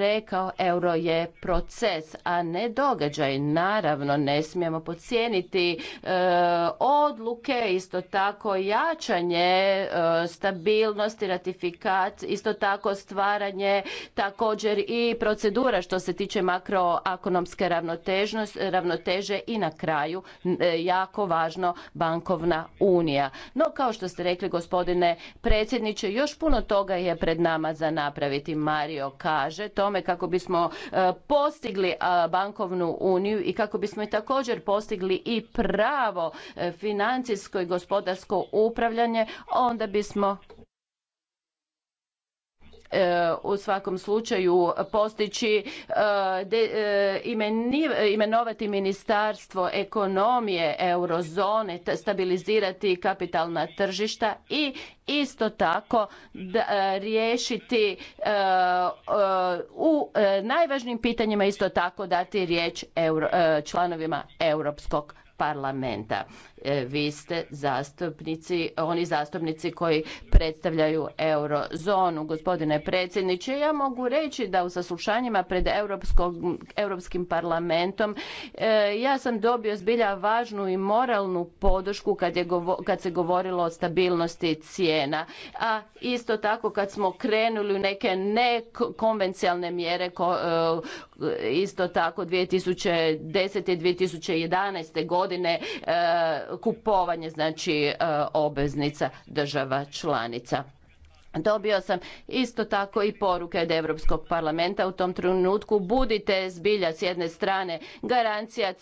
rekao, euro je proces, a ne događaj. Naravno, ne smijemo podcijeniti e, odluke, isto tako jačanje e, stabilnosti, ratifikacije, isto tako stvaranje također i procedura što se tiče makroekonomske ravnoteže i na kraju e, jako važno bankovna unija. No, kao što ste rekli gospodine predsjedniče, još puno toga je pred nama za napraviti. Mario kaže, to tome kako bismo e, postigli e, bankovnu uniju i kako bismo i također postigli i pravo e, financijsko i gospodarsko upravljanje onda bismo E, u svakom slučaju postići e, e, imenovati ministarstvo ekonomije eurozone stabilizirati kapitalna tržišta i isto tako riješiti u najvažnijim pitanjima isto tako dati riječ članovima europskog parlamenta. E, vi ste zastupnici, oni zastupnici koji predstavljaju eurozonu. Gospodine predsjedniče, ja mogu reći da u saslušanjima pred Europskim parlamentom e, ja sam dobio zbilja važnu i moralnu podršku kad, je, kad se govorilo o stabilnosti cijena. A isto tako kad smo krenuli u neke nekonvencijalne mjere e, isto tako 2010. i 2011. godine godine e, kupovanje znači e, obveznica država članica. Dobio sam isto tako i poruke od Europskog parlamenta u tom trenutku budite zbilja s jedne strane garancija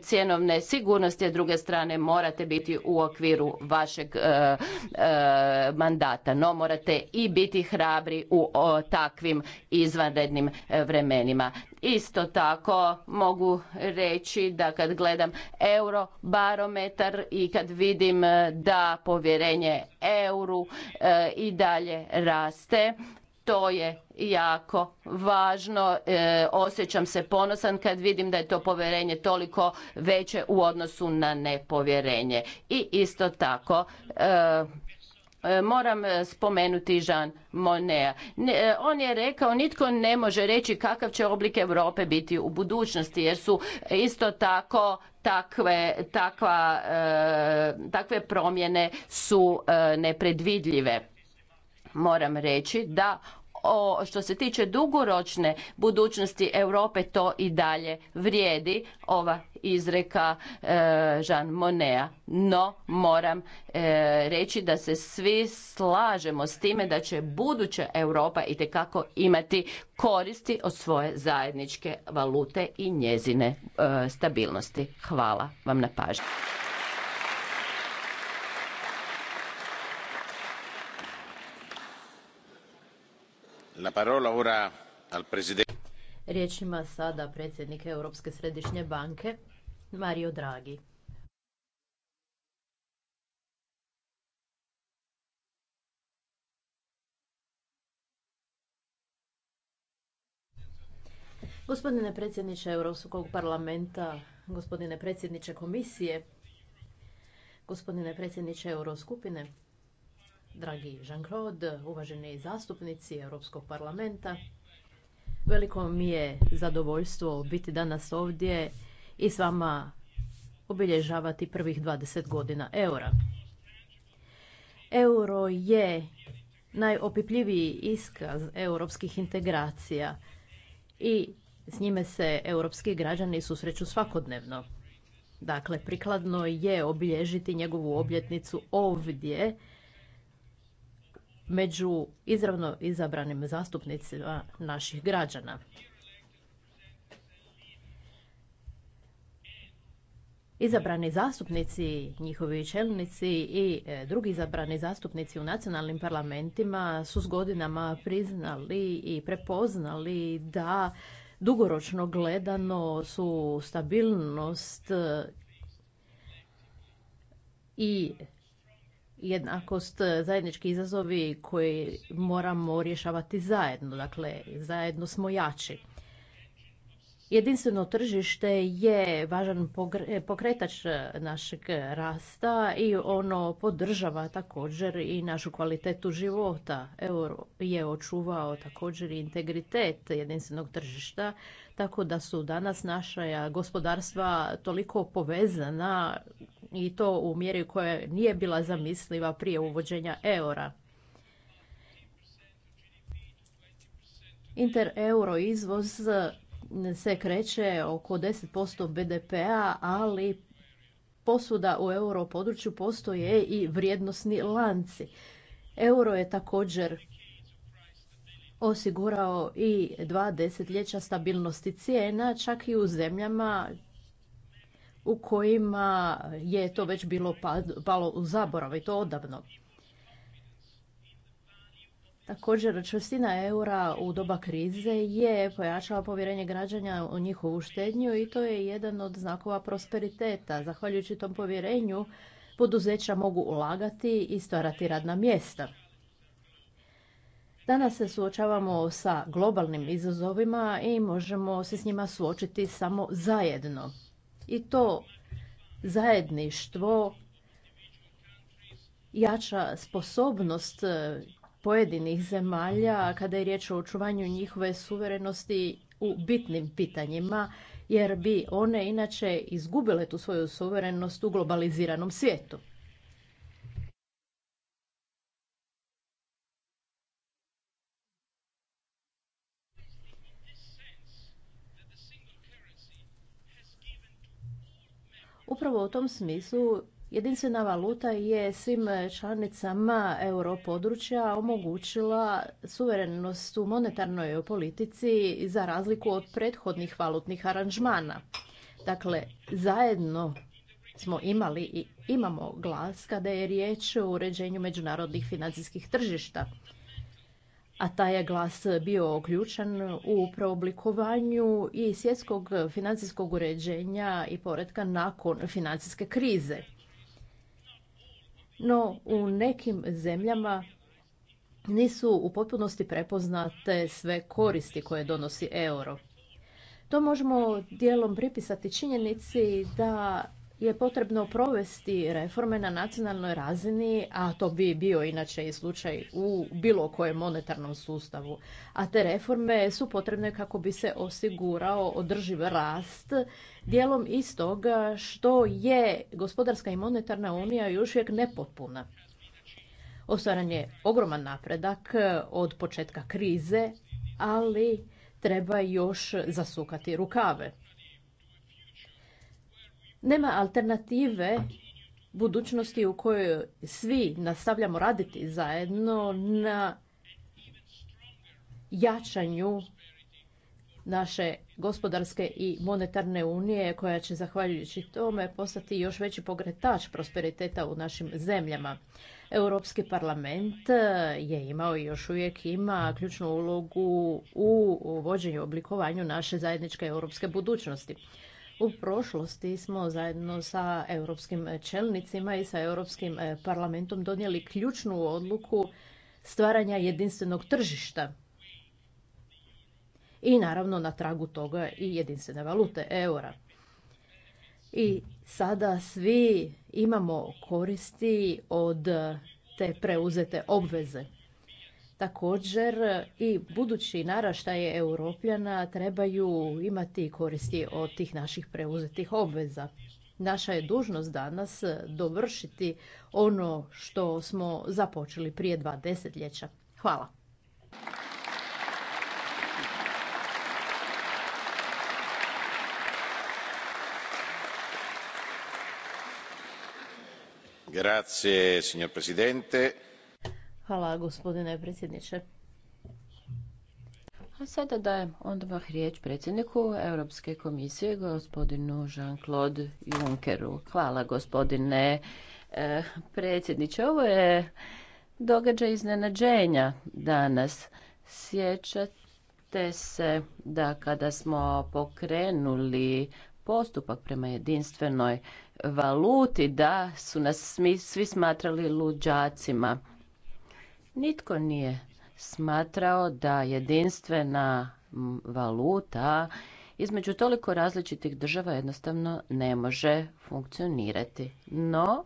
cjenovne sigurnosti, a s druge strane morate biti u okviru vašeg e, mandata, no morate i biti hrabri u takvim izvanrednim vremenima. Isto tako mogu reći da kad gledam eurobarometar i kad vidim e, da povjerenje euru e, i dalje raste, to je jako važno. E, osjećam se ponosan kad vidim da je to povjerenje toliko veće u odnosu na nepovjerenje. I isto tako E, moram e, spomenuti Jean Monnet. E, on je rekao nitko ne može reći kakav će oblik Europe biti u budućnosti jer su isto tako takve, takva, takve promjene su nepredvidljive. Moram reći da o, što se tiče dugoročne budućnosti Europe to i dalje vrijedi ova izreka e, Jean Monea. No moram e, reći da se svi slažemo s time da će buduća Europa itekako imati koristi od svoje zajedničke valute i njezine e, stabilnosti. Hvala vam na pažnju. Riječ ima sada predsjednik Europske središnje banke, Mario Draghi. Gospodine predsjedniče Europskog parlamenta, gospodine predsjedniče komisije, gospodine predsjedniče Euroskupine, dragi Jean-Claude, uvaženi zastupnici Europskog parlamenta. Veliko mi je zadovoljstvo biti danas ovdje i s vama obilježavati prvih 20 godina eura. Euro je najopipljiviji iskaz europskih integracija i s njime se europski građani susreću svakodnevno. Dakle, prikladno je obilježiti njegovu obljetnicu ovdje među izravno izabranim zastupnicima naših građana. Izabrani zastupnici, njihovi čelnici i e, drugi izabrani zastupnici u nacionalnim parlamentima su s godinama priznali i prepoznali da dugoročno gledano su stabilnost i jednakost, e, zajednički izazovi koji moramo rješavati zajedno. Dakle, zajedno smo jači. Jedinstveno tržište je važan pokretač e, našeg rasta i ono podržava također i našu kvalitetu života. Euro je očuvao također i integritet jedinstvenog tržišta, tako da su danas naša gospodarstva toliko povezana i to u mjeri koja nije bila zamisliva prije uvođenja eura. Inter-euro izvoz se kreće oko 10% BDP-a, ali posuda u euro području postoje i vrijednosni lanci. Euro je također osigurao i dva desetljeća stabilnosti cijena, čak i u zemljama u kojima je to već bilo pa- palo u zaborav i to odavno. Također, čvrstina eura u doba krize je pojačala povjerenje građanja u njihovu štednju i to je jedan od znakova prosperiteta. Zahvaljujući tom povjerenju, poduzeća mogu ulagati i stvarati radna mjesta. Danas se suočavamo sa globalnim izazovima i možemo se s njima suočiti samo zajedno. I to zajedništvo jača sposobnost pojedinih zemalja kada je riječ o očuvanju njihove suverenosti u bitnim pitanjima, jer bi one inače izgubile tu svoju suverenost u globaliziranom svijetu. Upravo u tom smislu Jedinstvena valuta je svim članicama europodručja omogućila suverenost u monetarnoj politici za razliku od prethodnih valutnih aranžmana. Dakle, zajedno smo imali i imamo glas kada je riječ o uređenju međunarodnih financijskih tržišta. A taj je glas bio ključan u preoblikovanju i svjetskog financijskog uređenja i poretka nakon financijske krize no u nekim zemljama nisu u potpunosti prepoznate sve koristi koje donosi euro. To možemo dijelom pripisati činjenici da je potrebno provesti reforme na nacionalnoj razini, a to bi bio inače i slučaj u bilo kojem monetarnom sustavu. A te reforme su potrebne kako bi se osigurao održiv rast, dijelom iz toga što je gospodarska i monetarna unija još uvijek nepotpuna. Ostvaran je ogroman napredak od početka krize, ali treba još zasukati rukave. Nema alternative budućnosti u kojoj svi nastavljamo raditi zajedno na jačanju naše gospodarske i monetarne unije koja će zahvaljujući tome postati još veći pogretač prosperiteta u našim zemljama. Europski parlament e, je imao i još uvijek ima ključnu ulogu u vođenju i oblikovanju naše zajedničke europske budućnosti. U prošlosti smo zajedno sa europskim čelnicima i sa Europskim e, parlamentom donijeli ključnu odluku stvaranja jedinstvenog tržišta. I naravno na tragu toga i jedinstvene valute eura. I sada svi imamo koristi od te preuzete obveze. Također i budući naraštaje europljana trebaju imati koristi od tih naših preuzetih obveza. Naša je dužnost danas dovršiti ono što smo započeli prije dva desetljeća. Hvala. Grazie, Hvala gospodine predsjedniče. A sada dajem odmah riječ predsjedniku Europske komisije, gospodinu Jean-Claude Junckeru. Hvala gospodine eh, predsjedniče. Ovo je događaj iznenađenja danas. Sjećate se da kada smo pokrenuli postupak prema jedinstvenoj valuti, da su nas svi smatrali luđacima Nitko nije smatrao da jedinstvena valuta između toliko različitih država jednostavno ne može funkcionirati. No,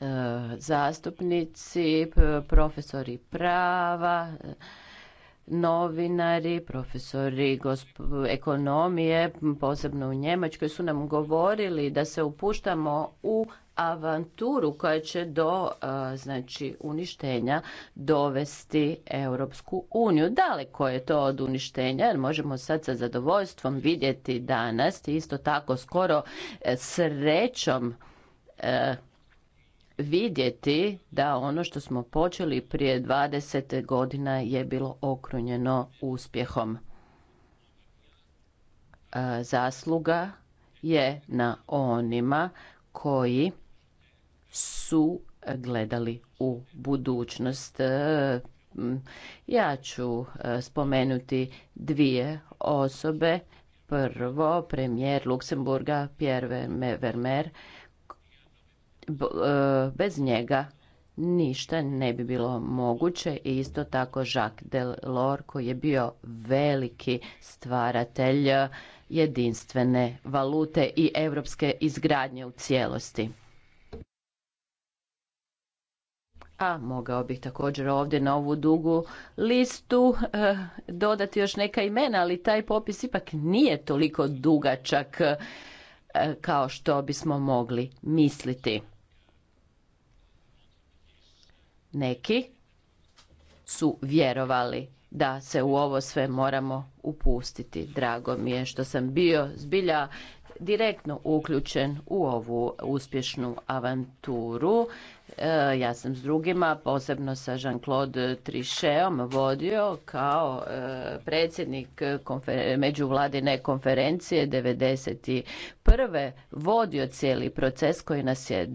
e, zastupnici, profesori prava, novinari, profesori ekonomije, posebno u Njemačkoj, su nam govorili da se upuštamo u avanturu koja će do e, znači uništenja dovesti Europsku uniju. Daleko je to od uništenja jer možemo sad sa zadovoljstvom vidjeti danas i isto tako skoro e, srećom e, vidjeti da ono što smo počeli prije 20 godina je bilo okrunjeno uspjehom. Zasluga je na onima koji su e, gledali u budućnost. E, ja ću e, spomenuti dvije osobe. Prvo, premijer Luksemburga, Pierre Vermeer. Bez njega ništa ne bi bilo moguće i isto tako Jacques Delors koji je bio veliki stvaratelj jedinstvene valute i europske izgradnje u cijelosti. a mogao bih također ovdje na ovu dugu listu eh, dodati još neka imena, ali taj popis ipak nije toliko dugačak eh, kao što bismo mogli misliti. Neki su vjerovali da se u ovo sve moramo upustiti. Drago mi je što sam bio zbilja direktno uključen u ovu uspješnu avanturu. E, ja sam s drugima, posebno sa Jean-Claude Trichetom, vodio kao e, predsjednik međuvladine konferencije 1991. vodio cijeli proces koji nas je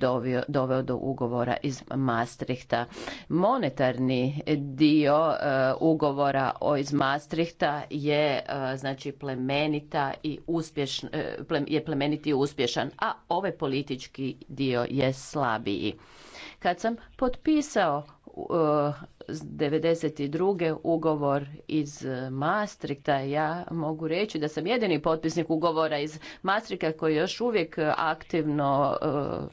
doveo do ugovora iz Maastrichta. Monetarni dio e, ugovora o iz Maastrichta je znači plemenita i uspješan, je plemeniti i uspješan, a ovaj politički dio je slabiji. Kad sam potpisao 92. Uh, ugovor iz uh, Maastrichta. Ja mogu reći da sam jedini potpisnik ugovora iz Maastrichta koji još uvijek aktivno uh,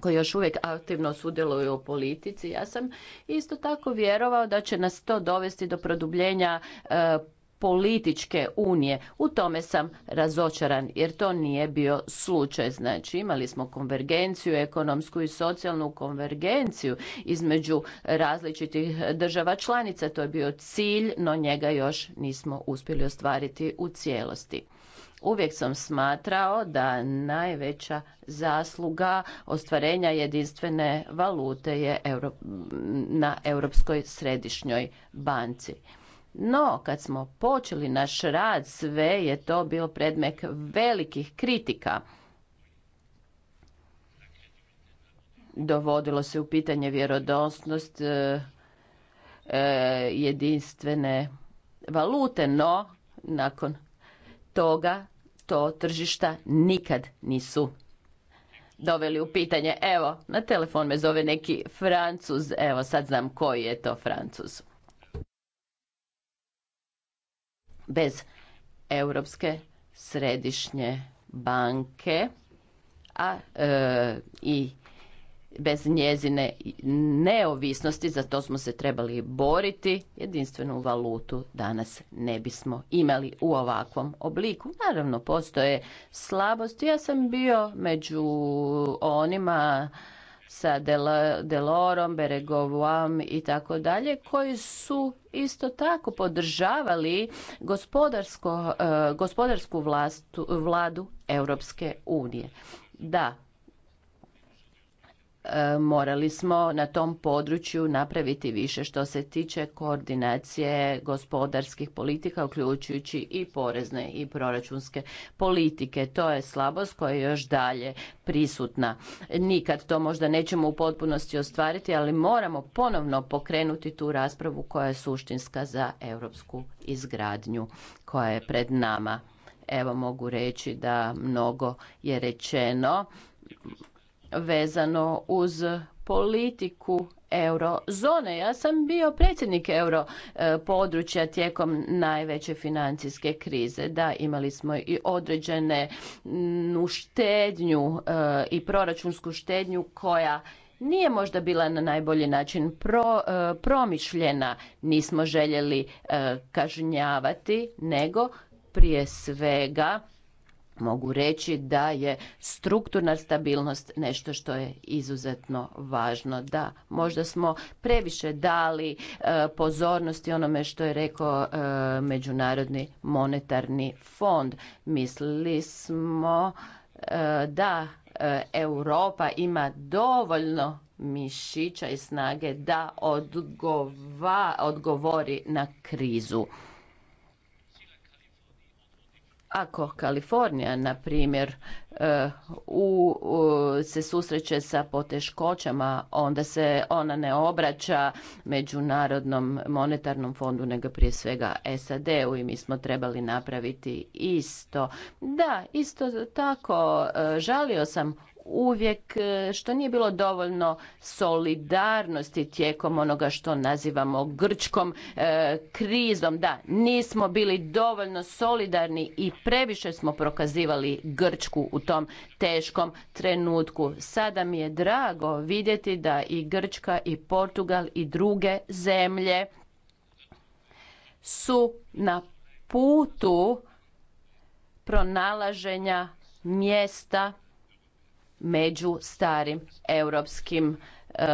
koji još uvijek aktivno sudjeluju u politici. Ja sam isto tako vjerovao da će nas to dovesti do produbljenja političke unije. U tome sam razočaran jer to nije bio slučaj. Znači imali smo konvergenciju, ekonomsku i socijalnu konvergenciju između različitih država članica. To je bio cilj, no njega još nismo uspjeli ostvariti u cijelosti. Uvijek sam smatrao da najveća zasluga ostvarenja jedinstvene valute je na Europskoj središnjoj banci. No, kad smo počeli naš rad, sve je to bilo predmek velikih kritika. Dovodilo se u pitanje vjerodosnost e, e, jedinstvene valute, no nakon toga to tržišta nikad nisu doveli u pitanje. Evo, na telefon me zove neki Francuz, evo sad znam koji je to Francuz. bez Europske središnje banke a e, i bez njezine neovisnosti, za to smo se trebali boriti, jedinstvenu valutu danas ne bismo imali u ovakvom obliku. Naravno, postoje slabosti. Ja sam bio među onima sa Delorom, Beregovom i tako dalje, koji su isto tako podržavali gospodarsko, eh, gospodarsku vlastu, vladu Europske unije. Da, E, morali smo na tom području napraviti više što se tiče koordinacije gospodarskih politika uključujući i porezne i proračunske politike. To je slabost koja je još dalje prisutna. Nikad to možda nećemo u potpunosti ostvariti, ali moramo ponovno pokrenuti tu raspravu koja je suštinska za europsku izgradnju koja je pred nama. Evo mogu reći da mnogo je rečeno vezano uz politiku eurozone. Ja sam bio predsjednik euro e, područja tijekom najveće financijske krize. Da, imali smo i određene štednju e, i proračunsku štednju koja nije možda bila na najbolji način e, promišljena. Nismo željeli kažnjavati, nego prije svega mogu reći da je strukturna stabilnost nešto što je izuzetno važno. Da, možda smo previše dali e, pozornosti onome što je rekao e, Međunarodni monetarni fond. Mislili smo e, da Europa ima dovoljno mišića i snage da odgovori na krizu. Ako Kalifornija, na primjer, e, u, se susreće sa poteškoćama, onda se ona ne obraća Međunarodnom monetarnom fondu, nego prije svega SAD-u i mi smo trebali napraviti isto. Da, isto tako, e, žalio sam uvijek e, što nije bilo dovoljno solidarnosti tijekom onoga što nazivamo grčkom e, krizom da nismo bili dovoljno solidarni i previše smo prokazivali grčku u tom teškom trenutku sada mi je drago vidjeti da i grčka i portugal i druge zemlje su na putu pronalaženja mjesta među starim europskim eh,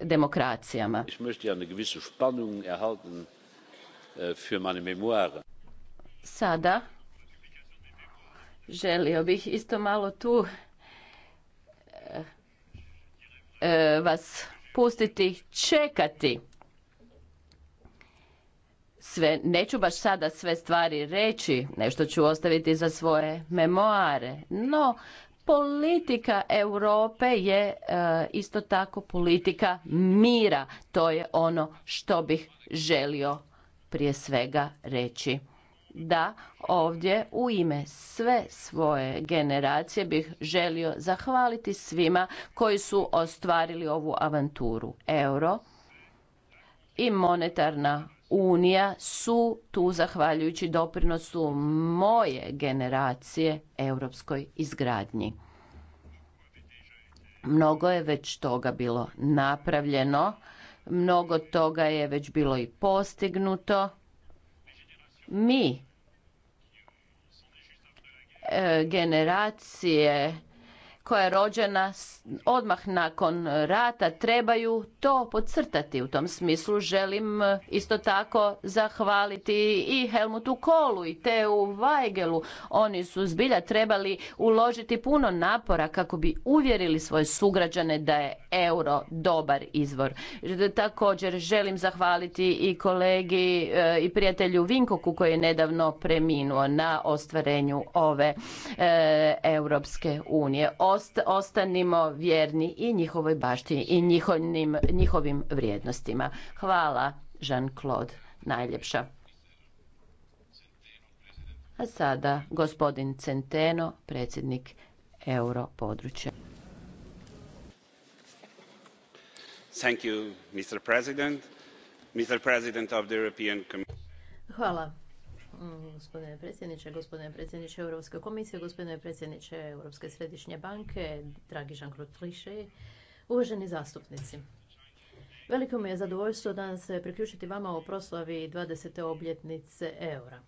demokracijama. Eh, sada želio bih isto malo tu eh, vas pustiti čekati sve, neću baš sada sve stvari reći, nešto ću ostaviti za svoje memoare, no politika Europe je e, isto tako politika mira. To je ono što bih želio prije svega reći. Da, ovdje u ime sve svoje generacije bih želio zahvaliti svima koji su ostvarili ovu avanturu. Euro i monetarna unija su tu zahvaljujući doprinosu moje generacije europskoj izgradnji. Mnogo je već toga bilo napravljeno, mnogo toga je već bilo i postignuto. Mi, e, generacije koja je rođena odmah nakon rata trebaju to podcrtati. U tom smislu želim e, isto tako zahvaliti i Helmutu Kolu i Teu Vajgelu. Oni su zbilja trebali uložiti puno napora kako bi uvjerili svoje sugrađane da je euro dobar izvor. Također želim zahvaliti i kolegi e, i prijatelju Vinkoku koji je nedavno preminuo na ostvarenju ove e, Europske unije ost, ostanimo vjerni i njihovoj baštini i njihovim, njihovim vrijednostima. Hvala, Jean-Claude, najljepša. A sada gospodin Centeno, predsjednik europodručja. Thank you, Mr. President. Mr. European Hvala Mm, gospodine predsjedniče, gospodine predsjedniče Europske komisije, gospodine predsjedniče Europske središnje banke, dragi Jean-Claude uvaženi zastupnici. Veliko mi je zadovoljstvo danas se priključiti vama u proslavi 20. obljetnice eura.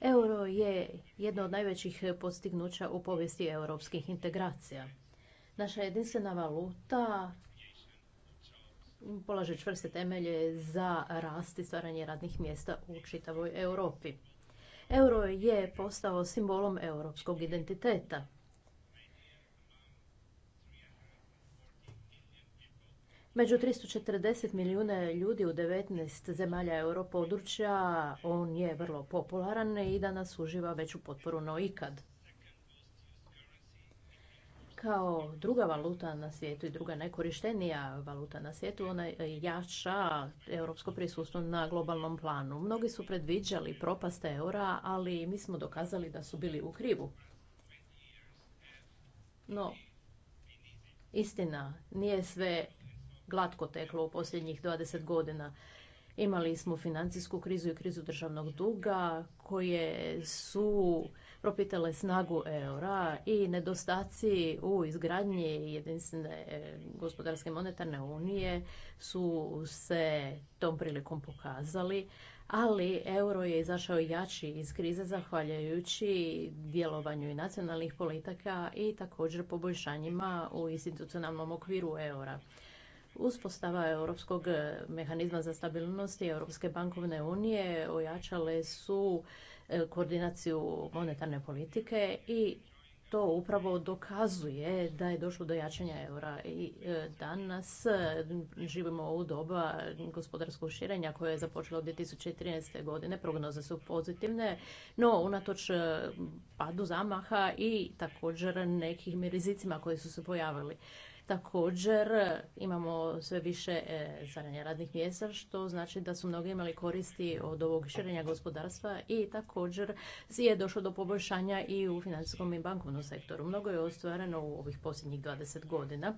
Euro je jedno od najvećih postignuća u povijesti europskih integracija. Naša jedinstvena valuta polaže čvrste temelje za rast i stvaranje radnih mjesta u čitavoj Europi. Euro je postao simbolom europskog identiteta. Među 340 milijuna ljudi u 19 zemalja europodručja on je vrlo popularan i danas uživa veću potporu no ikad kao druga valuta na svijetu i druga najkorištenija valuta na svijetu, ona jača europsko prisustvo na globalnom planu. Mnogi su predviđali propast eura, ali mi smo dokazali da su bili u krivu. No, istina, nije sve glatko teklo u posljednjih 20 godina. Imali smo financijsku krizu i krizu državnog duga koje su propitale snagu eura i nedostaci u izgradnji jedinstvene e, gospodarske monetarne unije su se tom prilikom pokazali, ali euro je izašao jači iz krize zahvaljujući djelovanju i nacionalnih politika i također poboljšanjima u institucionalnom okviru eura. Uspostava Europskog mehanizma za stabilnost i Europske bankovne unije ojačale su E, koordinaciju monetarne politike i to upravo dokazuje da je došlo do jačanja eura i e, danas e, živimo u doba gospodarskog širenja koje je započelo od 2013. godine. Prognoze su pozitivne, no unatoč padu zamaha i također nekim rizicima koji su se pojavili. Također imamo sve više e, zaranja radnih mjesta, što znači da su mnogi imali koristi od ovog širenja gospodarstva i također je došlo do poboljšanja i u financijskom i bankovnom sektoru. Mnogo je ostvareno u ovih posljednjih 20 godina.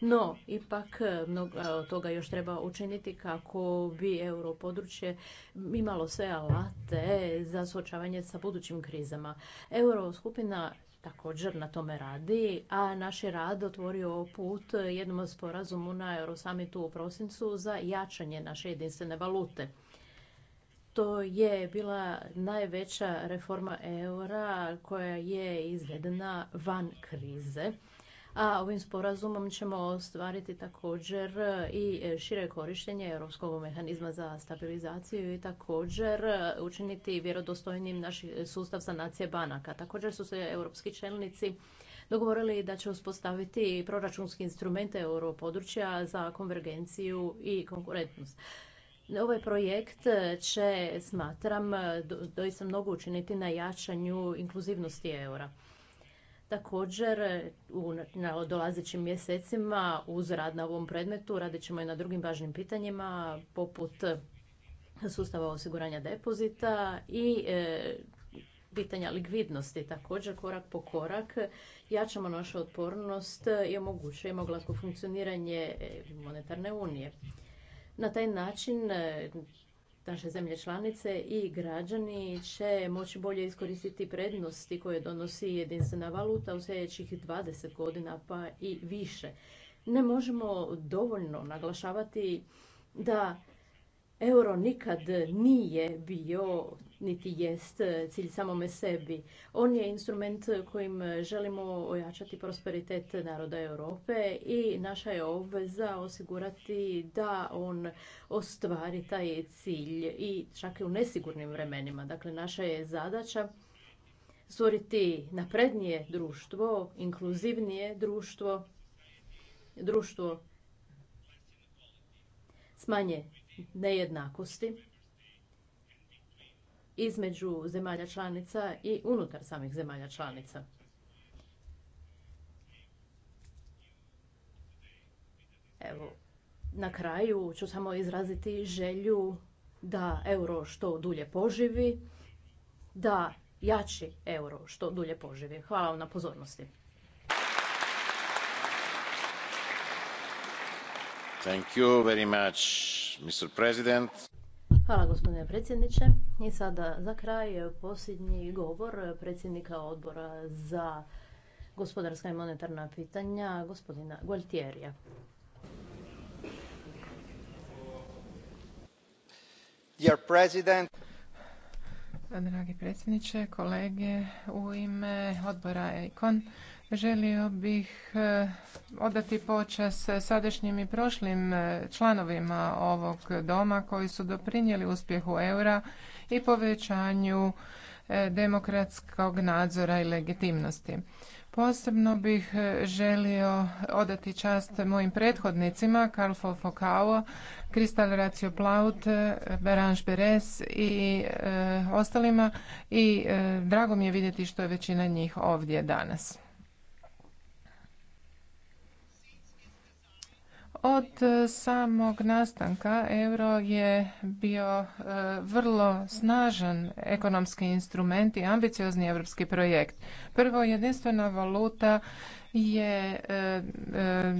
No, ipak e, mnogo e, toga još treba učiniti kako bi europodručje imalo sve alate za suočavanje sa budućim krizama. Euro skupina također na tome radi, a naš je rad otvorio put jednom sporazumu na Eurosamitu u prosincu za jačanje naše jedinstvene valute. To je bila najveća reforma eura koja je izvedena van krize a ovim sporazumom ćemo ostvariti također e, i e, šire korištenje Europskog mehanizma za stabilizaciju i također e, učiniti vjerodostojnim naš sustav sanacije banaka. Također su se europski čelnici dogovorili da će uspostaviti proračunski instrumente europodručja za konvergenciju i konkurentnost. Ovaj projekt će, smatram, doista mnogo učiniti na jačanju inkluzivnosti eura. Također, e, u na dolazećim mjesecima uz rad na ovom predmetu radit ćemo i na drugim važnim pitanjima poput sustava osiguranja depozita i e, pitanja likvidnosti. Također, korak po korak jačamo našu otpornost i omogućujemo glasko funkcioniranje e, monetarne unije. Na taj način naše zemlje članice i građani će moći bolje iskoristiti prednosti koje donosi jedinstvena valuta u sljedećih 20 godina pa i više. Ne možemo dovoljno naglašavati da euro nikad nije bio niti jest e, cilj samome sebi. On je instrument kojim želimo ojačati prosperitet naroda Europe i naša je obveza osigurati da on ostvari taj cilj i čak i u nesigurnim vremenima. Dakle, naša je zadaća stvoriti naprednije društvo, inkluzivnije društvo, društvo s manje nejednakosti između zemalja članica i unutar samih zemalja članica. Evo, na kraju ću samo izraziti želju da euro što dulje poživi, da jači euro što dulje poživi. Hvala vam na pozornosti. Thank you very much. Hvala gospodine predsjedniče. I sada za kraj posljednji govor predsjednika odbora za gospodarska i monetarna pitanja gospodina Gualtierija. Dragi predsjedniče, kolege, u ime odbora Želio bih e, odati počas sadašnjim i prošlim e, članovima ovog doma koji su doprinijeli uspjehu eura i povećanju e, demokratskog nadzora i legitimnosti. Posebno bih želio odati čast mojim prethodnicima Karl Fofokao, Kristal Racio Plaut, beranš Beres i ostalima i drago mi je vidjeti što je većina njih ovdje danas. Od e, samog nastanka euro je bio e, vrlo snažan ekonomski instrument i ambiciozni europski projekt. Prvo jedinstvena valuta je e, e, e,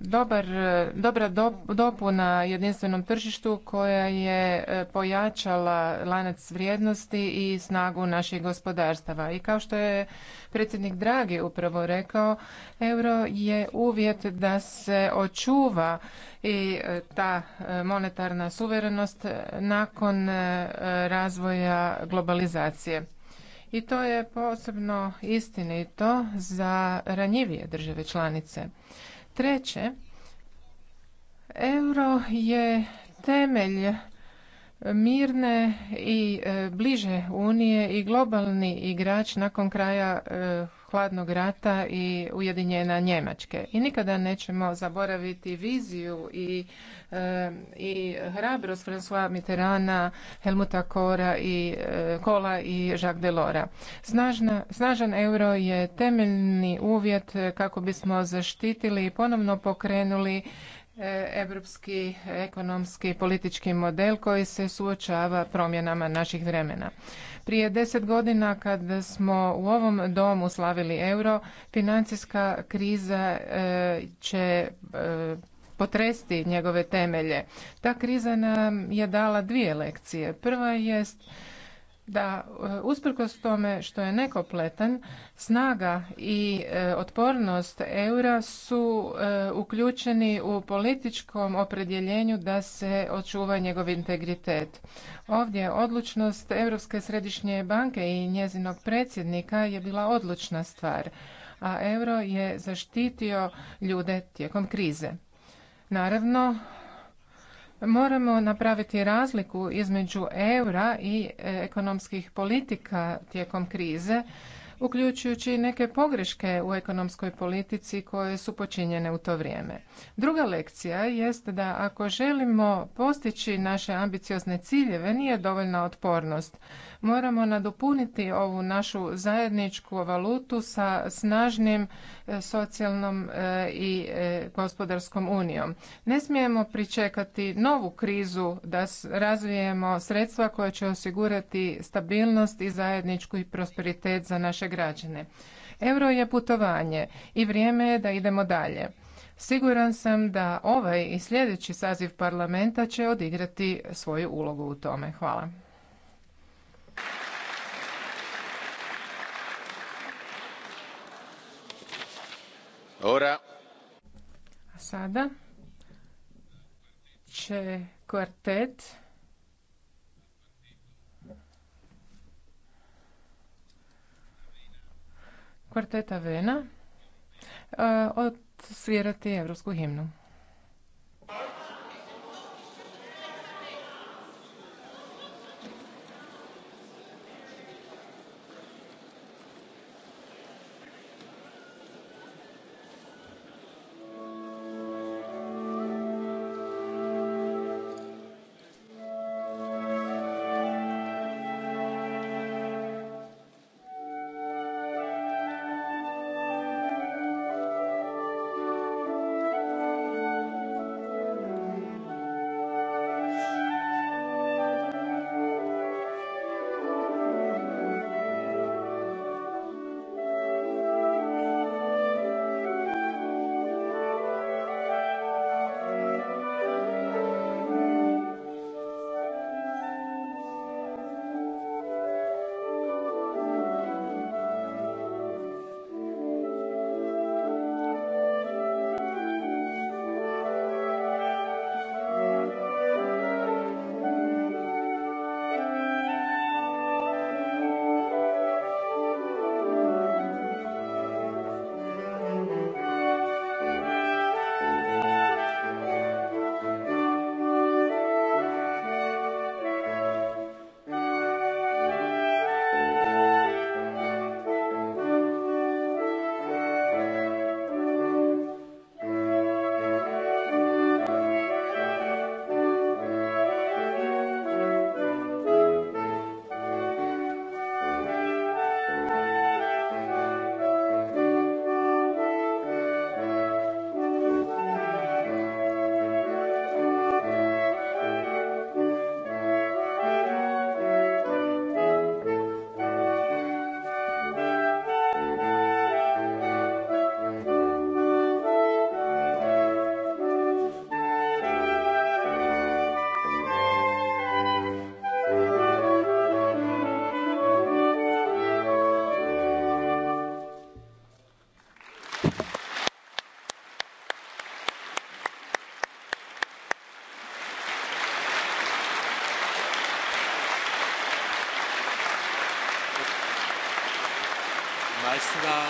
dobar, dobra dopuna jedinstvenom tržištu koja je pojačala lanac vrijednosti i snagu naših gospodarstava. I kao što je predsjednik Dragi upravo rekao, euro je uvjet da se očuva i ta monetarna suverenost nakon razvoja globalizacije i to je posebno istinito za ranjivije države članice. Treće, euro je temelj mirne i e, bliže unije i globalni igrač nakon kraja e, hladnog rata i ujedinjena Njemačke. I nikada nećemo zaboraviti viziju i, i hrabrost François Mitterana, Helmuta Kora i e, Kola i Jacques Delora. snažan euro je temeljni uvjet kako bismo zaštitili i ponovno pokrenuli europski eh, ekonomski i politički model koji se suočava promjenama naših vremena. Prije deset godina kad smo u ovom domu slavili euro, financijska kriza e, će e, potresti njegove temelje. Ta kriza nam je dala dvije lekcije. Prva jest da e, usprkos tome što je nekopletan snaga i e, otpornost eura su e, uključeni u političkom opredjeljenju da se očuva njegov integritet. Ovdje odlučnost Europske središnje banke i njezinog predsjednika je bila odlučna stvar, a euro je zaštitio ljude tijekom krize. Naravno, Moramo napraviti razliku između eura i ekonomskih politika tijekom krize, uključujući i neke pogreške u ekonomskoj politici koje su počinjene u to vrijeme. Druga lekcija jest da ako želimo postići naše ambiciozne ciljeve, nije dovoljna otpornost. Moramo nadopuniti ovu našu zajedničku valutu sa snažnim E, socijalnom e, i e, gospodarskom unijom. Ne smijemo pričekati novu krizu da razvijemo sredstva koja će osigurati stabilnost i zajedničku i prosperitet za naše građane. Euro je putovanje i vrijeme je da idemo dalje. Siguran sam da ovaj i sljedeći saziv parlamenta će odigrati svoju ulogu u tome. Hvala. Ora. A sada će kvartet kvarteta Vena eh, odsvirati evropsku himnu. Meister da.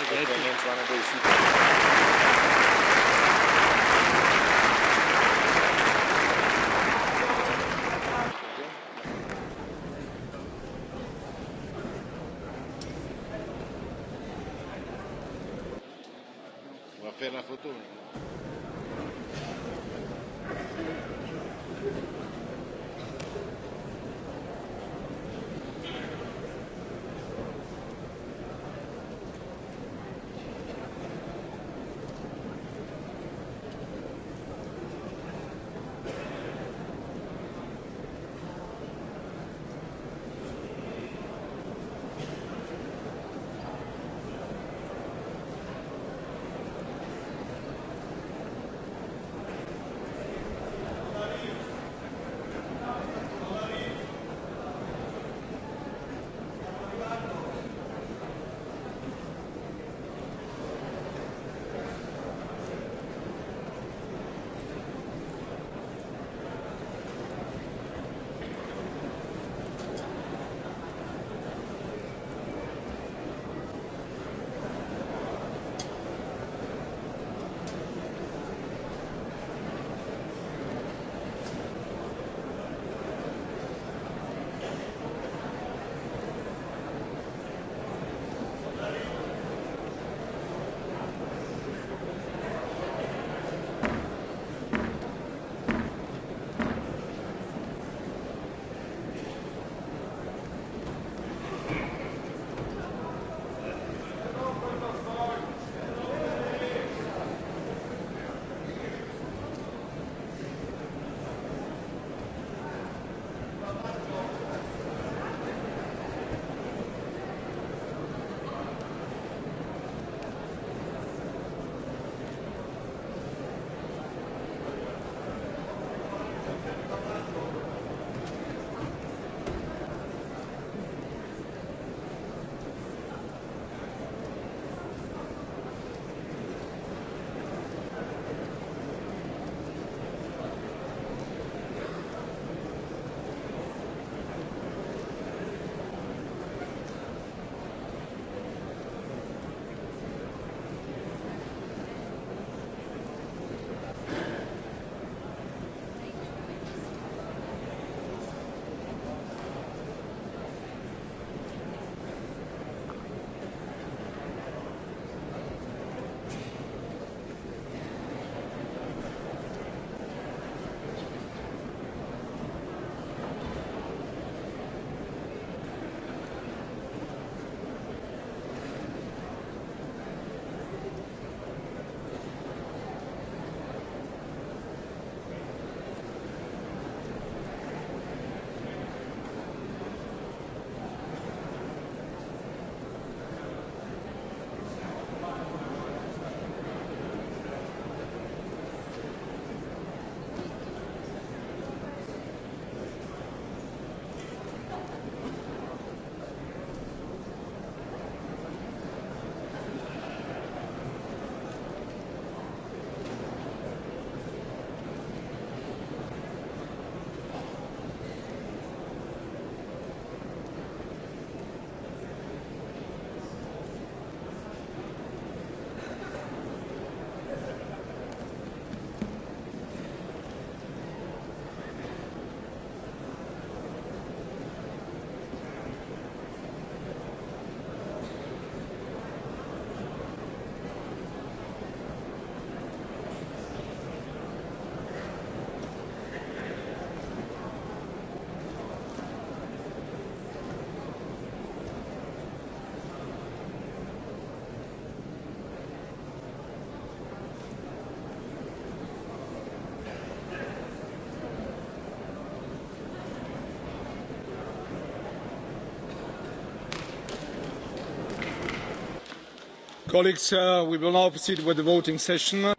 Uh,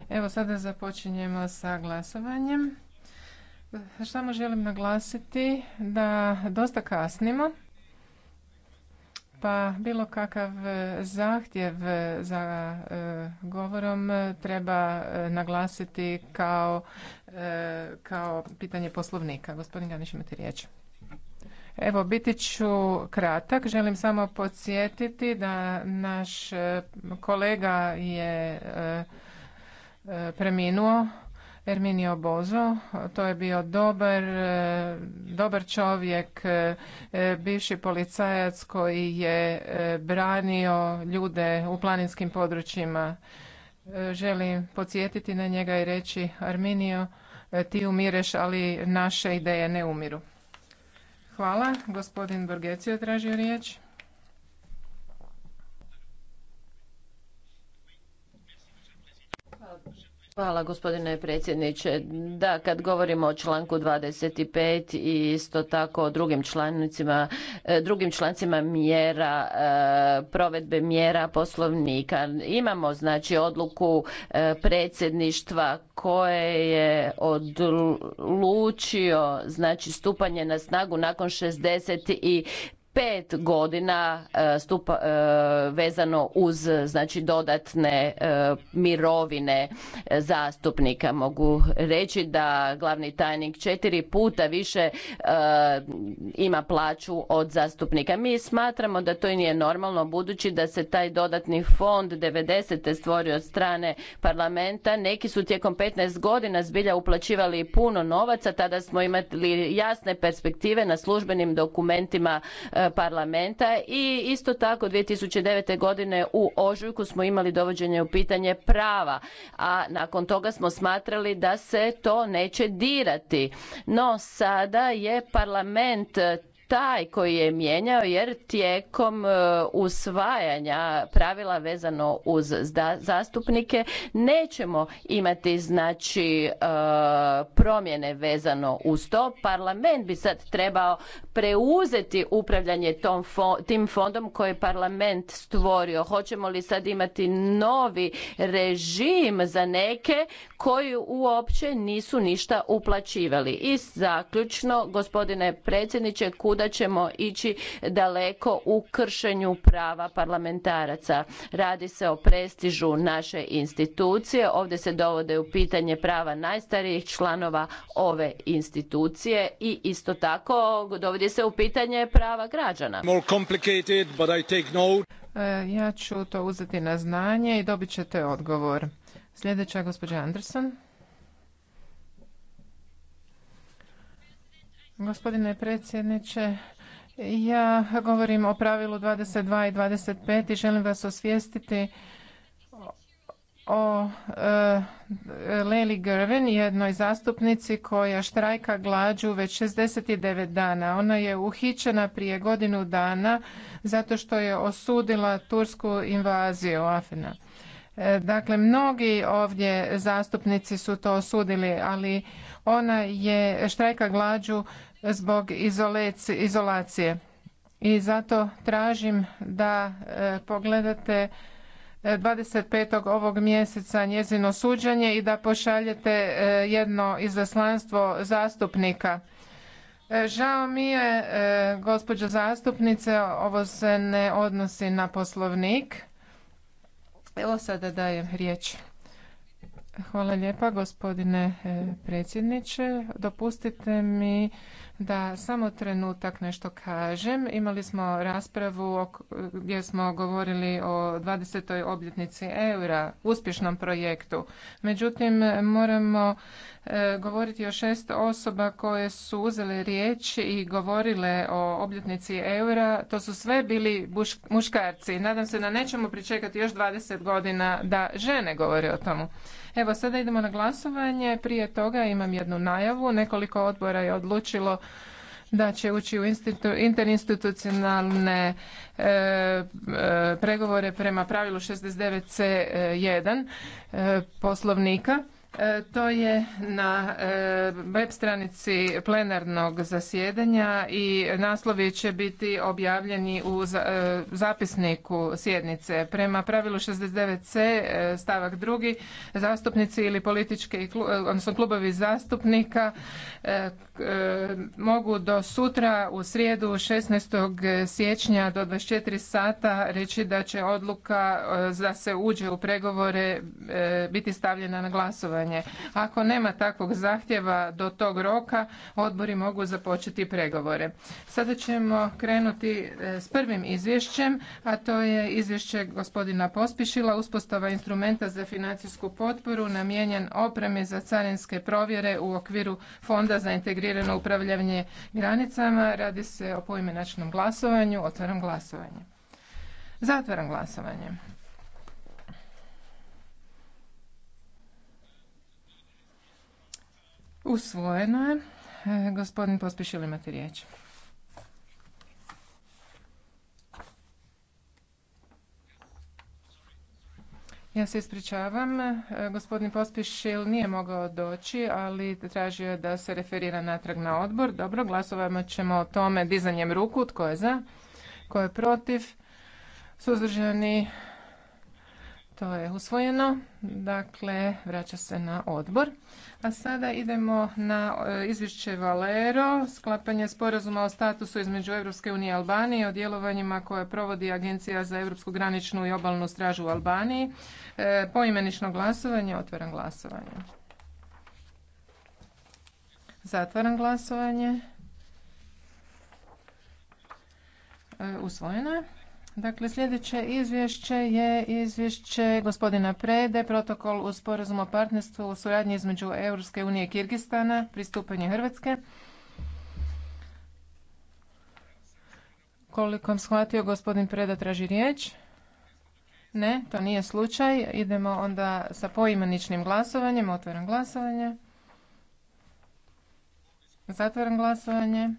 Evo sada započinjemo sa glasovanjem. Samo želim naglasiti da dosta kasnimo, pa bilo kakav zahtjev za e, govorom treba e, naglasiti e, kao, pitanje poslovnika. Gospodin Ganiš, imate riječ. Evo, biti ću kratak. Želim samo podsjetiti da naš e, kolega je e, e, preminuo Erminio Bozo, to je bio dobar, dobar čovjek, bivši policajac koji je branio ljude u planinskim područjima. Želim podsjetiti na njega i reći Arminio, ti umireš, ali naše ideje ne umiru. Hvala. Gospodin Borgecio je tražio riječ. Hvala gospodine predsjedniče. Da, kad govorimo o članku 25 i isto tako o drugim članicima, e, drugim člancima mjera, e, provedbe mjera poslovnika. Imamo znači odluku e, predsjedništva koje je odlučio znači stupanje na snagu nakon i pet godina e, e, vezano uz znači dodatne e, mirovine zastupnika. Mogu reći da glavni tajnik četiri puta više ima plaću od zastupnika. Mi smatramo da to i nije normalno budući da se taj dodatni fond 90. stvorio od strane parlamenta. Neki su tijekom 15 godina zbilja uplaćivali puno novaca. Tada smo imali jasne perspektive na službenim dokumentima parlamenta i isto tako 2009. godine u ožujku smo imali dovođenje u pitanje prava, a nakon toga smo smatrali da se to neće dirati. No sada je parlament taj koji je mijenjao jer tijekom e, usvajanja pravila vezano uz zastupnike nećemo imati znači e, promjene vezano uz to. Parlament bi sad trebao preuzeti upravljanje tom tim fondom koji je parlament stvorio. Hoćemo li sad imati novi režim za neke koji uopće nisu ništa uplaćivali. I zaključno, gospodine predsjedniče, kud da ćemo ići daleko u kršenju prava parlamentaraca. Radi se o prestižu naše institucije. Ovdje se dovode u pitanje prava najstarijih članova ove institucije i isto tako dovodi se u pitanje prava građana. E, ja ću to uzeti na znanje i dobit ćete odgovor. Sljedeća gospođa Anderson. Gospodine predsjedniče, ja govorim o pravilu 22 i 25 i želim vas osvijestiti o e, Leli Gervin, jednoj zastupnici koja štrajka glađu već 69 dana. Ona je uhićena prije godinu dana zato što je osudila tursku invaziju Afina. Dakle, mnogi ovdje zastupnici su to osudili, ali ona je štrajka glađu zbog izolacije. I zato tražim da e, pogledate 25. E, ovog mjeseca njezino suđenje i da pošaljete e, jedno izaslanstvo zastupnika. Žao mi je, gospođo zastupnice, ovo se ne odnosi na poslovnik. Evo sada dajem riječ. Hvala lijepa gospodine eh, predsjedniče. Dopustite mi da samo trenutak nešto kažem. Imali smo raspravu gdje smo govorili o 20. obljetnici eura, uspješnom projektu. Međutim, moramo e, govoriti o šest osoba koje su uzele riječ i govorile o obljetnici eura. To su sve bili buš, muškarci. Nadam se da nećemo pričekati još 20 godina da žene govore o tomu. Evo, sada idemo na glasovanje. Prije toga imam jednu najavu. Nekoliko odbora je odlučilo da će ući u interinstitucionalne e, e, pregovore prema pravilu 69C1 e, poslovnika. E, to je na e, web stranici plenarnog zasjedanja i naslovi će biti objavljeni u e, zapisniku sjednice. Prema pravilu 69c stavak 2. zastupnici ili političke odnosno klubovi zastupnika mogu do sutra u srijedu 16. siječnja do 24 sata reći da će odluka da se uđe u pregovore biti stavljena na glasovanje. Ako nema takvog zahtjeva do tog roka, odbori mogu započeti pregovore. Sada ćemo krenuti e, s prvim izvješćem, a to je izvješće gospodina Pospišila, uspostava instrumenta za financijsku potporu namijenjen opremi za carinske provjere u okviru Fonda za integrirano upravljanje granicama. Radi se o poimenačnom glasovanju. Otvaram glasovanje. Zatvaram glasovanje. Usvojeno je. E, gospodin Pospišil, imate riječ. Ja se ispričavam, e, gospodin Pospišil nije mogao doći, ali tražio je da se referira natrag na odbor. Dobro, glasovamo ćemo o tome dizanjem ruku. Tko je za? Tko je protiv? Suzdržani? To je usvojeno. Dakle, vraća se na odbor. A sada idemo na e, izvješće Valero, sklapanje sporazuma o statusu između Europske unije i Albanije o djelovanjima koje provodi Agencija za europsku graničnu i obalnu stražu u Albaniji. E, poimenično glasovanje, otvaram glasovanje. Zatvaram glasovanje. E, usvojeno je. Dakle, sljedeće izvješće je izvješće gospodina Prede, protokol u sporazumu o partnerstvu u suradnji između Europske unije i Kirgistana, pristupanje Hrvatske. Koliko shvatio, gospodin Preda traži riječ. Ne, to nije slučaj. Idemo onda sa poimeničnim glasovanjem. Otvaram glasovanje. Zatvaram glasovanje.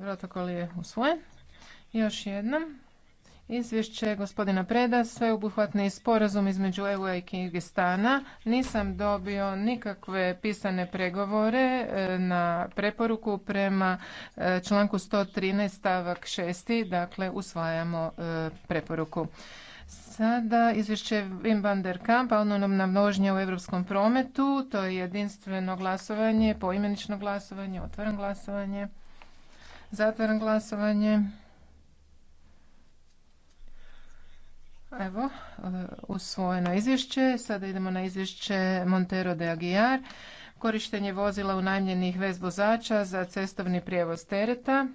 Protokol je usvojen. Još jednom. Izvješće gospodina Preda, sveobuhvatni sporazum između EU i Kirgistana. Nisam dobio nikakve pisane pregovore e, na preporuku prema e, članku 113 stavak 6. Dakle, usvajamo e, preporuku. Sada izvješće Wim van der Kamp, autonomna množnja u europskom prometu. To je jedinstveno glasovanje, poimenično glasovanje, otvoren glasovanje. Zatvaram glasovanje. Evo, e, usvojeno izvješće. Sada idemo na izvješće Montero de Aguiar. Korištenje vozila unajmljenih vez vozača za cestovni prijevoz tereta.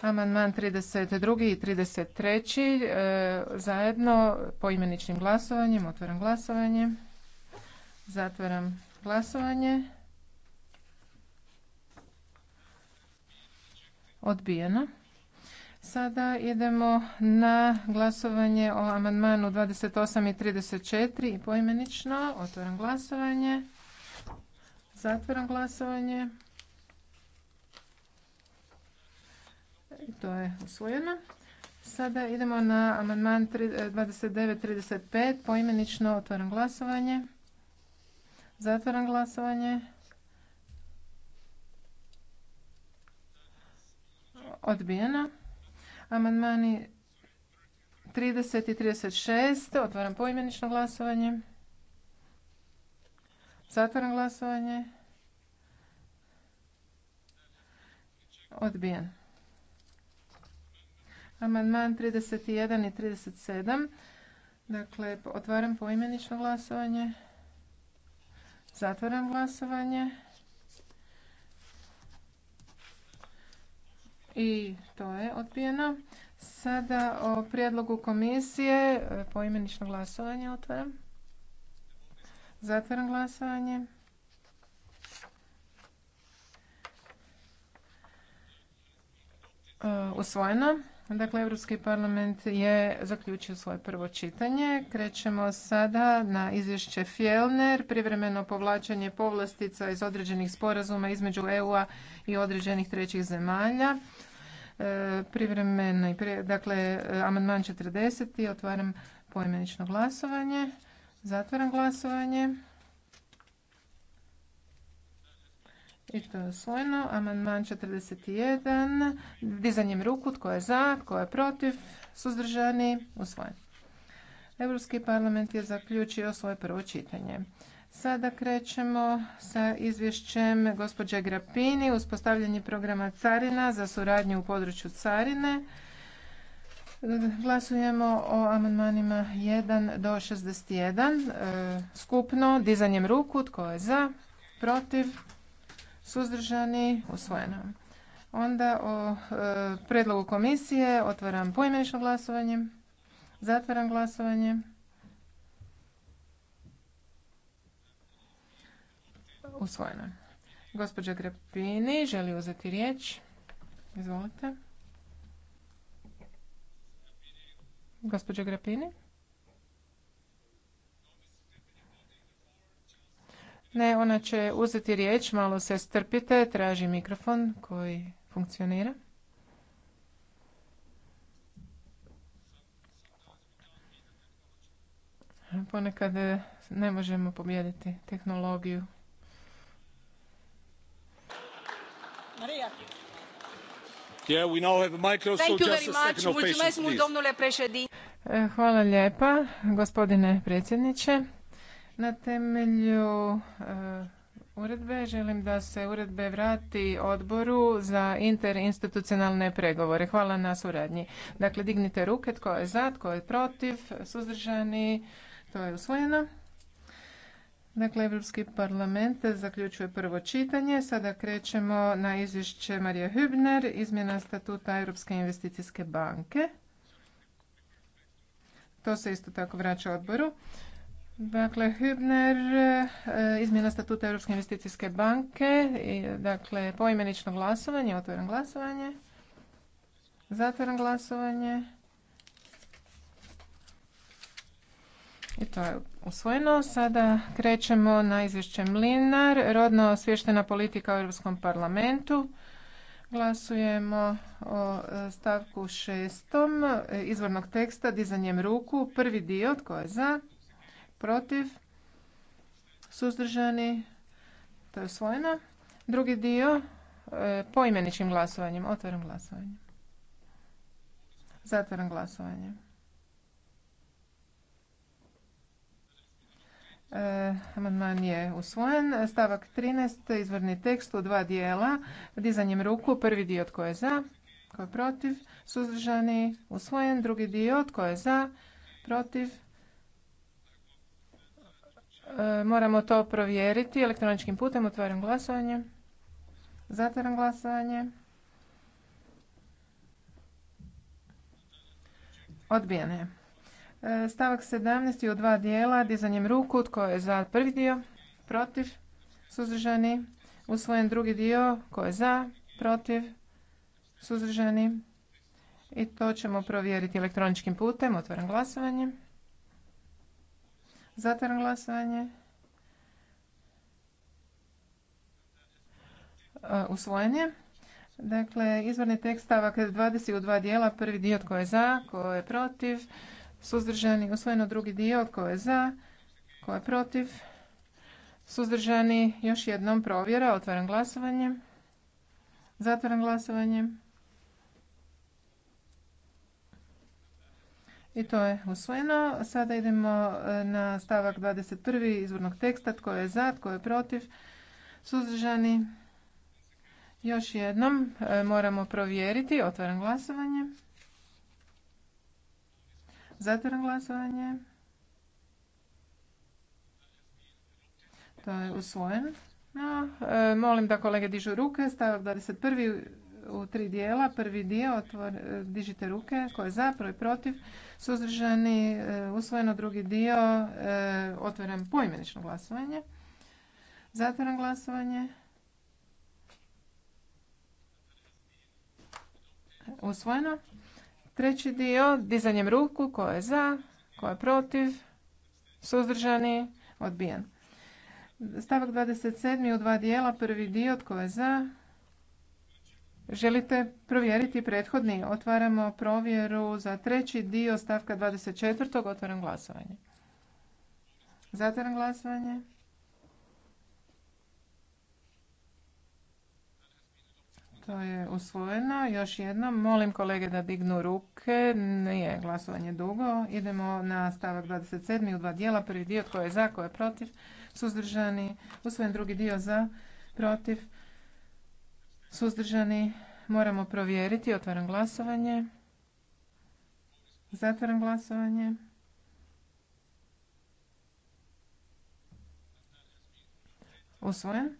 Amandman 32. i 33. E, zajedno poimeničnim glasovanjem. Otvaram glasovanje. Zatvaram glasovanje. Odbijeno. Sada idemo na glasovanje o amandmanu 28 i 34 i poimenično. Otvoram glasovanje. Zatvoram glasovanje. I to je usvojeno. Sada idemo na amandman 29.35. E, poimenično otvoram glasovanje. Zatvoram glasovanje. Odbijeno. Amandmani 30 i 36. Otvaram poimenično glasovanje. Zatvaram glasovanje. Odbijen. Amandman 31 i 37. Dakle, otvaram poimenično glasovanje. Zatvaram glasovanje. I to je odbijeno. Sada o prijedlogu komisije e, poimenično glasovanje otvaram. Zatvaram glasovanje. E, usvojeno. Dakle, Europski parlament je zaključio svoje prvo čitanje. Krećemo sada na izvješće Fjellner, privremeno povlačenje povlastica iz određenih sporazuma između EU-a i određenih trećih zemalja. E, privremeno, dakle, amandman 40. Otvaram poimenično glasovanje. Zatvaram glasovanje. I to je osvojeno. Amandman 41. Dizanjem ruku. Tko je za? Tko je protiv? Suzdržani? Usvojen. Europski parlament je zaključio svoje prvo čitanje. Sada krećemo sa izvješćem gospođe Grapini. Uspostavljanje programa Carina za suradnju u području Carine. Glasujemo o amandmanima 1 do 61. E, skupno, dizanjem ruku. Tko je za? Protiv? suzdržani, usvojeno. Onda o e, predlogu komisije otvaram poimenično glasovanje, zatvaram glasovanje. Usvojeno. Gospođa Grapini želi uzeti riječ. Izvolite. Gospođa Grapini. Ne, ona će uzeti riječ, malo se strpite, traži mikrofon koji funkcionira. Ponekad ne možemo pobjediti tehnologiju. Marija. Yeah, we now have a Hvala lijepa, gospodine predsjedniče. Na temelju e, uredbe želim da se uredbe vrati odboru za interinstitucionalne pregovore. Hvala na suradnji. Dakle, dignite ruke, tko je za, tko je protiv, suzdržani, to je usvojeno. Dakle, Europski parlament zaključuje prvo čitanje. Sada krećemo na izvješće Marija Hübner, izmjena statuta Europske investicijske banke. To se isto tako vraća odboru. Dakle, Hübner, eh, izmjena statuta Europske investicijske banke, dakle, poimenično glasovanje, otvoren glasovanje, zatvoren glasovanje. I to je usvojeno. Sada krećemo na izvješće Mlinar, rodno osvještena politika u Europskom parlamentu. Glasujemo o eh, stavku šestom eh, izvornog teksta dizanjem ruku. Prvi dio, tko je za? protiv, suzdržani, to je usvojeno. Drugi dio e, poimeničnim glasovanjem. Otvorim glasovanje. Zatvaram glasovanje. E, amandman je usvojen. Stavak 13. Izvorni tekst u dva dijela. Dizanjem ruku. Prvi dio tko je za, tko je protiv. Suzdržani usvojen. Drugi dio tko je za, protiv. E, moramo to provjeriti elektroničkim putem. Otvaram glasovanje. Zatvaram glasovanje. Odbijen je. E, stavak 17. u dva dijela. Dizanjem ruku. Tko je za prvi dio? Protiv? Suzdržani? Usvojen drugi dio. Tko je za? Protiv? Suzdržani? I to ćemo provjeriti elektroničkim putem. Otvaram glasovanje. Zatvaram glasovanje. E, je. Dakle, izvorni tekst stavak 20 u dva dijela. Prvi dio tko je za, tko je protiv. Suzdržani usvojeno drugi dio tko je za, tko je protiv. Suzdržani još jednom provjera. Otvaram glasovanje. Zatvaram glasovanje. I to je usvojeno. Sada idemo e, na stavak 21. izvornog teksta. Tko je za, tko je protiv? Suzdržani? Još jednom e, moramo provjeriti. Otvaram glasovanje. Zatvaram glasovanje. To je usvojen. E, molim da kolege dižu ruke. Stavak 21 u tri dijela. Prvi dio, otvor, e, dižite ruke, tko je za, i protiv, suzdržani, e, usvojeno. Drugi dio, e, otvoren poimenično glasovanje. Zatvaram glasovanje. Usvojeno. Treći dio, dizanjem ruku, ko je za, ko je protiv, suzdržani, odbijen. Stavak 27. u dva dijela, prvi dio, tko je za, Želite provjeriti prethodni? Otvaramo provjeru za treći dio stavka 24. Otvaram glasovanje. Zatvaram glasovanje. To je usvojeno. Još jednom, molim kolege da dignu ruke. Nije glasovanje dugo. Idemo na stavak 27. u dva dijela. Prvi dio tko je za, tko je protiv. Suzdržani. Usvojen drugi dio za, protiv. Suzdržani? Moramo provjeriti. Otvaram glasovanje. Zatvaram glasovanje. Usvojen.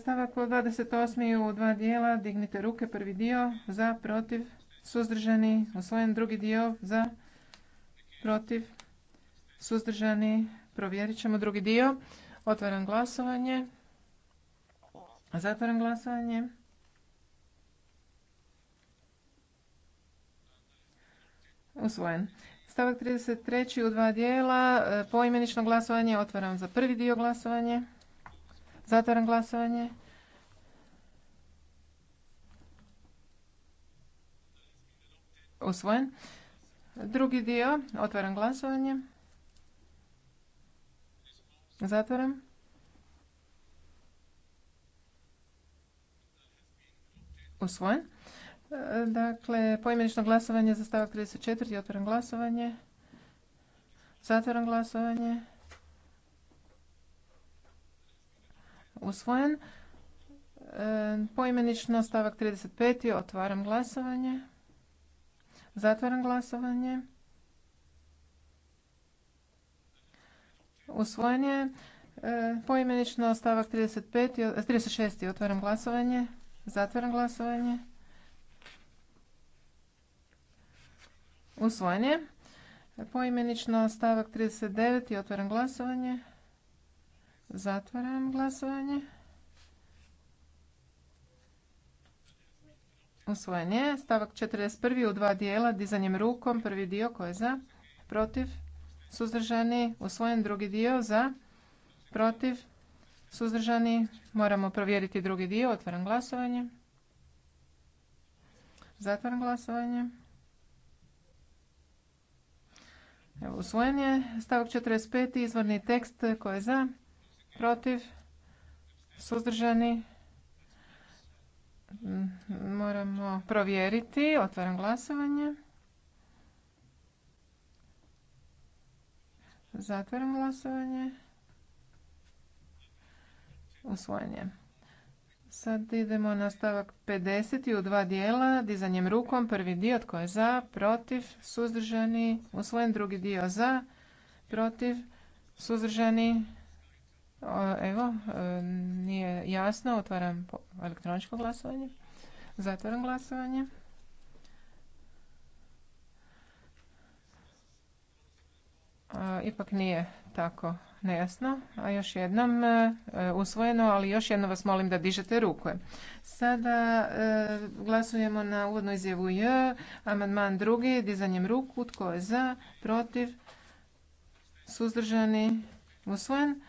Stavak 28. u dva dijela. Dignite ruke. Prvi dio za, protiv, suzdržani. Usvojen drugi dio za, protiv, suzdržani. Provjerit ćemo drugi dio. Otvaram glasovanje. Zatvaram glasovanje. Usvojen. Stavak 33. u dva dijela. E, poimenično glasovanje. Otvaram za prvi dio glasovanje. Zatvaram glasovanje. Usvojen. Drugi dio. Otvaram glasovanje. Zatvaram. Usvojen. Dakle, poimenično glasovanje za stavak 34. Otvaram glasovanje. Zatvaram glasovanje. Usvojen. E, poimenično stavak 35. Otvaram glasovanje. Zatvaram glasovanje. Usvojen je. E, poimenično stavak 35. 36. Otvaram glasovanje. Zatvaram glasovanje. Usvojen je. Poimenično stavak 39. i otvaram glasovanje. Zatvaram glasovanje. Usvojen je. Stavak 41. u dva dijela dizanjem rukom. Prvi dio koji je za, protiv, suzdržani. Usvojen drugi dio za, protiv, suzdržani. Moramo provjeriti drugi dio. Otvaram glasovanje. Zatvaram glasovanje. Evo, usvojen je stavak 45. izvorni tekst koji je za, protiv, suzdržani. Moramo provjeriti. Otvaram glasovanje. Zatvaram glasovanje. Usvojen je. Sad idemo na stavak 50. u dva dijela, dizanjem rukom, prvi dio tko je za, protiv, suzdržani, usvojen drugi dio za, protiv, suzdržani, evo, e, nije jasno, otvaram elektroničko glasovanje, zatvaram glasovanje. Eh, ipak nije tako nejasno. A još jednom eh, usvojeno, ali još jednom vas molim da dižete ruke. Sada eh, glasujemo na uvodnu izjavu J, amandman drugi, dizanjem ruku, tko je za, protiv, suzdržani, usvojen.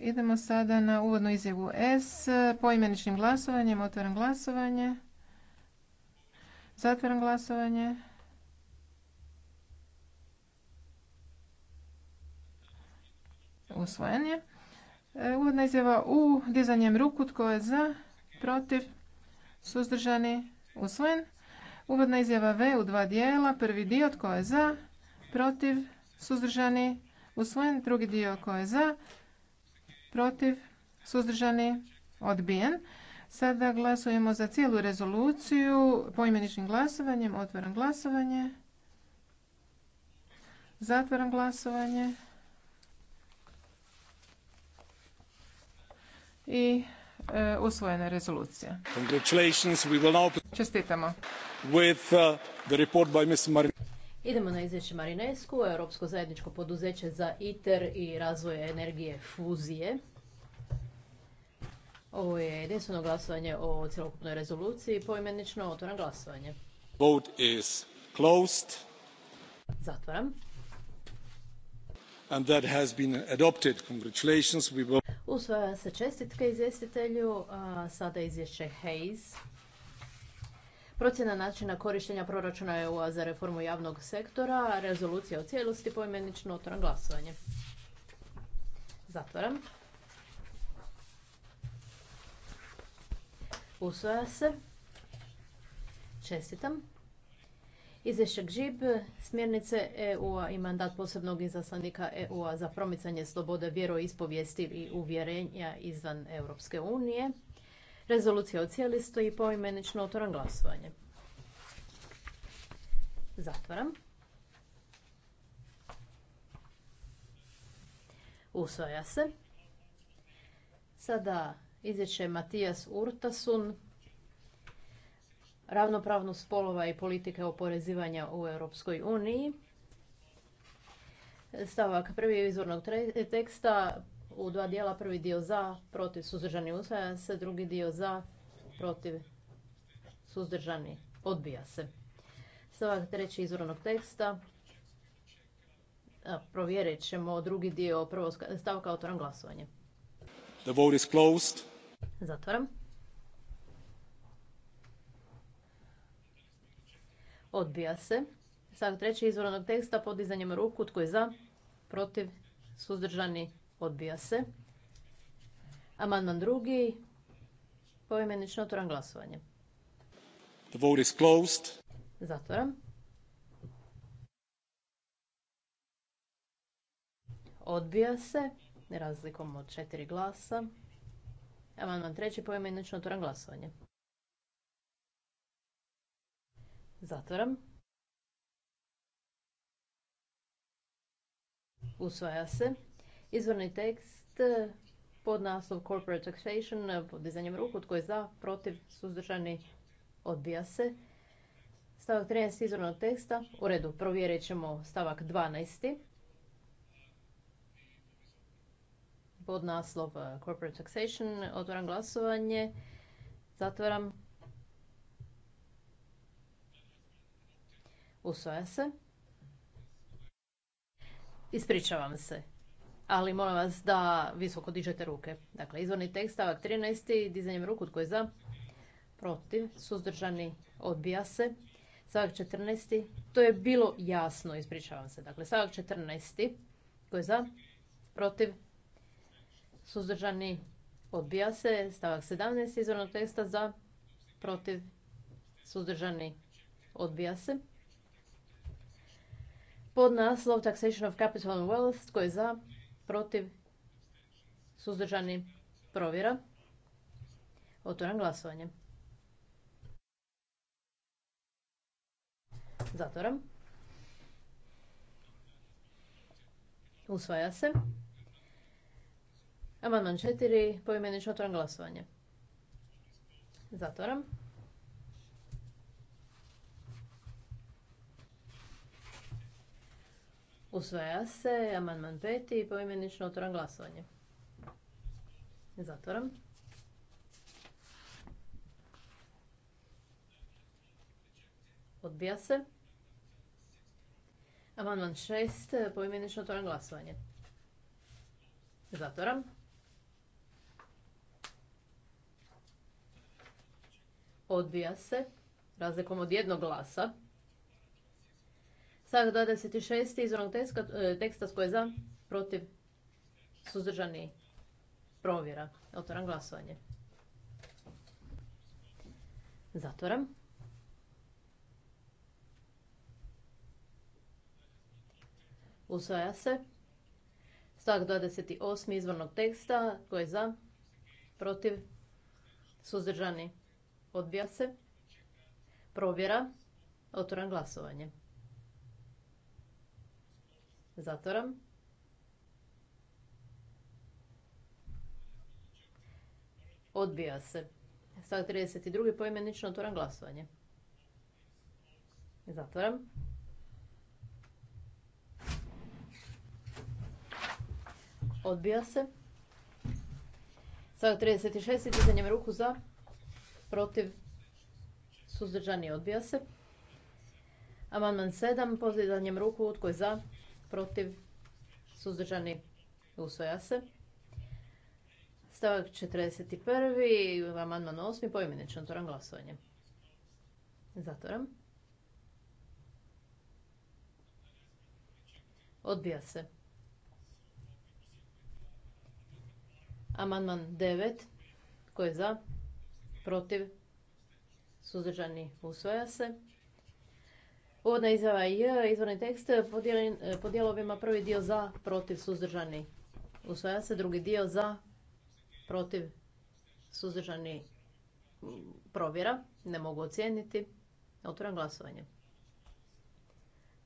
Idemo sada na uvodnu izjavu S, poimeničnim glasovanjem, otvaram glasovanje, zatvaram glasovanje. Usvojen je. E, uvodna izjava U dizanjem ruku tko je za, protiv, suzdržani, usvojen. Uvodna izjava V u dva dijela. Prvi dio tko je za, protiv, suzdržani, usvojen. Drugi dio tko je za, protiv, suzdržani, odbijen. Sada glasujemo za cijelu rezoluciju poimeničnim glasovanjem. Otvaram glasovanje. Zatvaram glasovanje. i e, usvojena rezolucija. Čestitamo. With, uh, the by Idemo na izvješće Marinesku, Europsko zajedničko poduzeće za ITER i razvoj energije fuzije. Ovo je jedinstveno glasovanje o cjelokupnoj rezoluciji, poimenično otvoram glasovanje. Vote is closed. Zatvaram and Usvaja se čestitke izvjestitelju, sada izvješće Hayes. Procjena načina korištenja proračuna EU za reformu javnog sektora, rezolucija u cijelosti, poimenično otvoram glasovanje. Zatvaram. Usvaja se. Čestitam. Izvješće ŽIB, smjernice EU-a i mandat posebnog izaslanika EU-a za promicanje slobode vjeroispovijesti i uvjerenja izvan Europske unije. Rezolucija o i poimenično otvoran glasovanje. Zatvaram. Usvaja se. Sada izvješće Matijas Urtasun, ravnopravnost spolova i politike oporezivanja u Europskoj uniji. Stavak prvi izvornog teksta u dva dijela, prvi dio za, protiv, suzdržani, usvaja se, drugi dio za, protiv, suzdržani, odbija se. Stavak treći izvornog teksta, provjerit ćemo drugi dio stavka, otvoram glasovanje. The vote Odbija se. Stavak treći izvornog teksta podizanjem ruku. Tko je za? Protiv? Suzdržani? Odbija se. Amandman drugi. Poimenično otvoram glasovanje. The vote is closed. Zatvoram. Odbija se razlikom od četiri glasa. Amandman treći poimenično otvoram glasovanje. Zatvaram. Usvaja se. Izvorni tekst eh, pod naslov Corporate Taxation eh, pod dizanjem ruku tko je za, protiv, suzdržani, odbija se. Stavak 13 izvornog teksta. U redu, provjerit ćemo stavak 12. Pod naslov eh, Corporate Taxation otvoram glasovanje. Zatvaram. Usvaja se. Ispričavam se. Ali molim vas da visoko dižete ruke. Dakle, izvorni tekst, stavak 13. Dizanjem ruku tko je za? Protiv. Suzdržani odbija se. Stavak 14. To je bilo jasno, ispričavam se. Dakle, stavak 14. Tko je za? Protiv. Suzdržani odbija se. Stavak 17. izvornog teksta za? Protiv. Suzdržani odbija se pod naslov Taxation of Capital and Wealth. Tko je za? Protiv? Suzdržani? Provjera. Otvoram glasovanje. Zatvoram. Usvaja se. Amandman 4. Poimenično otvoram glasovanje. Zatvoram. Usvaja se amandman peti i poimenično otvoram glasovanje. Zatvoram. Odbija se. Amandman šest, poimenično otvoram glasovanje. Zatvoram. Odbija se razlikom od jednog glasa. Stavak 26. izvornog teksta tko je za, protiv, suzdržani, provjera. Otvoram glasovanje. Zatvoram. Usvaja se. Stavak 28. izvornog teksta. Tko je za? Protiv? Suzdržani? Odbija se. Provjera. Otvoram glasovanje. Zatvoram. Odbija se. Stavak 32. poimenično otvoram glasovanje. Zatvoram. Odbija se. Stavak 36. šest dizanjem ruku za. Protiv. Suzdržani odbija se. Amandman 7. Podizanjem ruku. Tko je za? protiv, suzdržani, usvoja se. Stavak 41. Amandman 8. Poimenično otvoram glasovanje. Zatvoram. Odbija se. Amandman 9. Ko je za? Protiv? Suzdržani usvaja se. Uvodna izjava izvorni tekst, eh, eh, po dijelovima prvi dio za, protiv, suzdržani. Usvaja se drugi dio za, protiv, suzdržani provjera. Ne mogu ocijeniti. Otvoram glasovanje.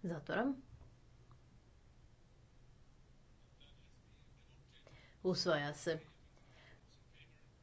Zatvoram. Usvaja se.